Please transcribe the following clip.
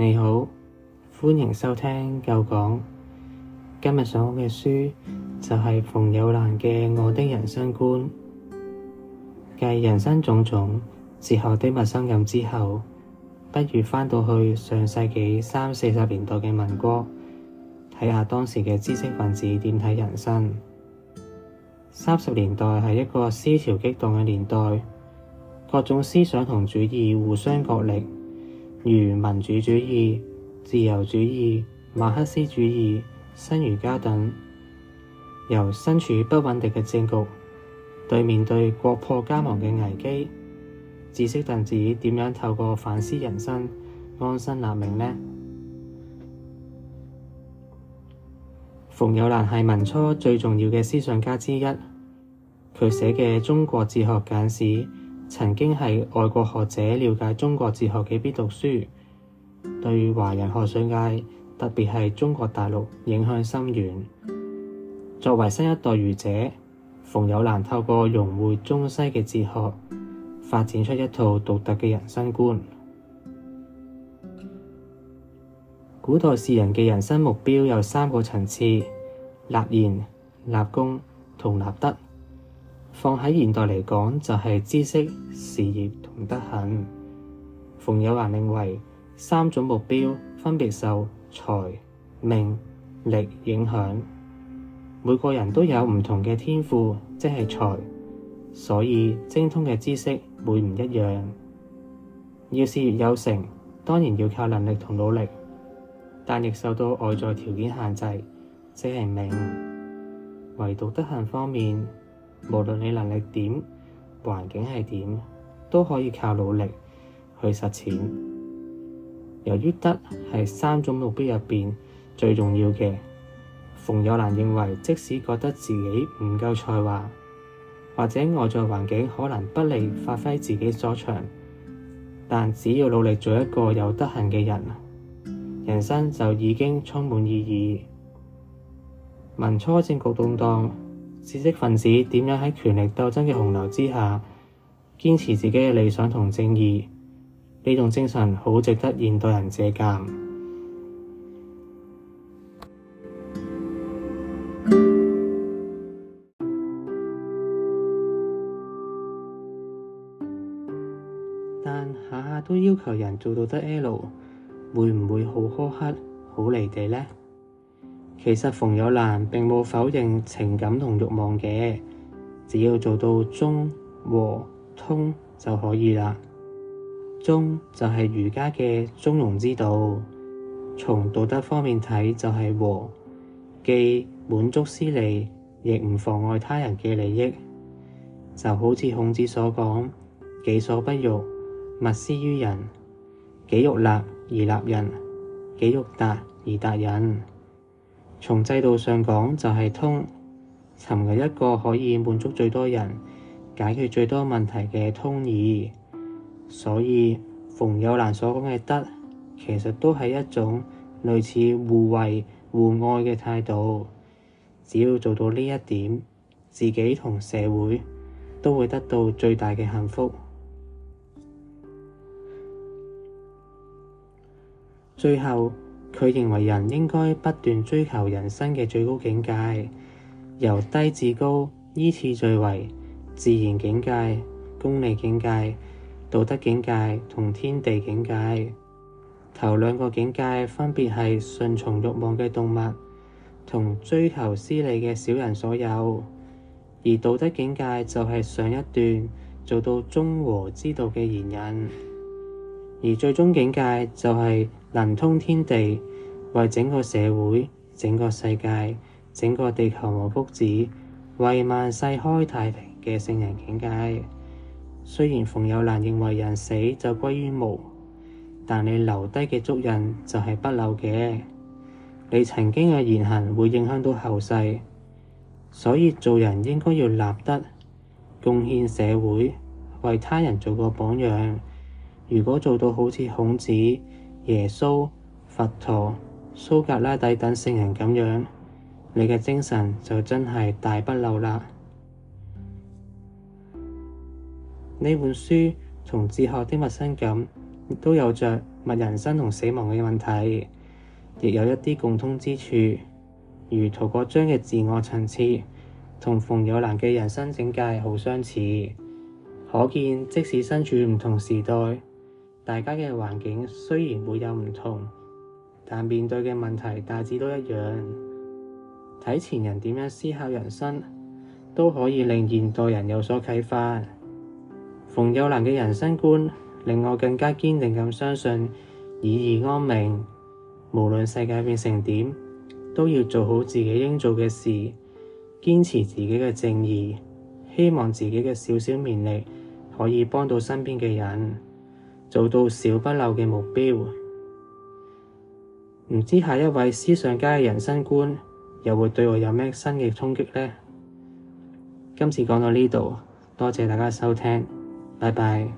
你好，歡迎收聽究讀。今日想講嘅書就係馮友蘭嘅《我的人生觀》。繼人生種種、哲學的陌生感之後，不如翻到去上世紀三四十年代嘅民國，睇下當時嘅知識分子點睇人生。三十年代係一個思潮激蕩嘅年代，各種思想同主義互相角力。如民主主義、自由主義、馬克思主義、新儒家等，由身處不穩定嘅政局，對面對國破家亡嘅危機，知識分子點樣透過反思人生，安身立命呢？馮友蘭係民初最重要嘅思想家之一，佢寫嘅《中國哲學簡史》，曾經係外國學者了解中國哲學嘅必讀書，對華人學術界，特別係中國大陸影響深遠。作為新一代儒者，馮友蘭透過融匯中西嘅哲學，發展出一套獨特嘅人生觀。古代士人嘅人生目標有三個層次：立言、立功同立德。放喺現代嚟講，就係知識、事業同德行。馮友蘭認為三種目標分別受才、命、力影響。每個人都有唔同嘅天賦，即係才，所以精通嘅知識會唔一樣。要事業有成，當然要靠能力同努力，但亦受到外在條件限制，即係命。唯獨德行方面。無論你能力點、環境係點，都可以靠努力去實踐。由於德係三種目標入邊最重要嘅，馮友蘭認為，即使覺得自己唔夠才華，或者外在環境可能不利發揮自己所長，但只要努力做一個有德行嘅人，人生就已經充滿意義。民初政局動蕩。知識分子點樣喺權力鬥爭嘅洪流之下，堅持自己嘅理想同正義？呢種精神好值得現代人借鑒。但下下都要求人做道德 L，會唔會好苛刻，好離地呢？其實馮友蘭並冇否認情感同慾望嘅，只要做到中和通就可以啦。中就係儒家嘅中庸之道，從道德方面睇就係和，既滿足私利，亦唔妨礙他人嘅利益。就好似孔子所講：「己所不欲，勿施於人」；「己欲立而立人，己欲達而達人」。從制度上講，就係通，尋求一個可以滿足最多人、解決最多問題嘅通義。所以馮友蘭所講嘅德，其實都係一種類似互惠互愛嘅態度。只要做到呢一點，自己同社會都會得到最大嘅幸福。最後，佢認為人應該不斷追求人生嘅最高境界，由低至高依次序為自然境界、功利境界、道德境界同天地境界。頭兩個境界分別係順從慾望嘅動物同追求私利嘅小人所有，而道德境界就係上一段做到中和之道嘅賢人，而最終境界就係能通天地。為整個社會、整個世界、整個地球謀福祉，為萬世開太平嘅聖人境界。雖然馮友蘭認為人死就歸於無，但你留低嘅足印就係不朽嘅。你曾經嘅言行會影響到後世，所以做人應該要立德，貢獻社會，為他人做個榜樣。如果做到好似孔子、耶穌、佛陀、蘇格拉底等聖人咁樣，你嘅精神就真係大不朽啦。呢本書同哲學的陌生感，都有着墨人生同死亡嘅問題，亦有一啲共通之處，如陶國璋嘅自我層次同馮友蘭嘅人生境界好相似，可見即使身處唔同時代，大家嘅環境雖然會有唔同。但面對嘅問題大致都一樣，睇前人點樣思考人生，都可以令現代人有所啟發。馮友蘭嘅人生觀令我更加堅定咁相信以義安命，無論世界變成點，都要做好自己應做嘅事，堅持自己嘅正義，希望自己嘅少少綿力可以幫到身邊嘅人，做到小不朽嘅目標。唔知下一位思想家嘅人生觀，又會對我有咩新嘅衝擊呢？今次講到呢度，多謝大家收聽，拜拜。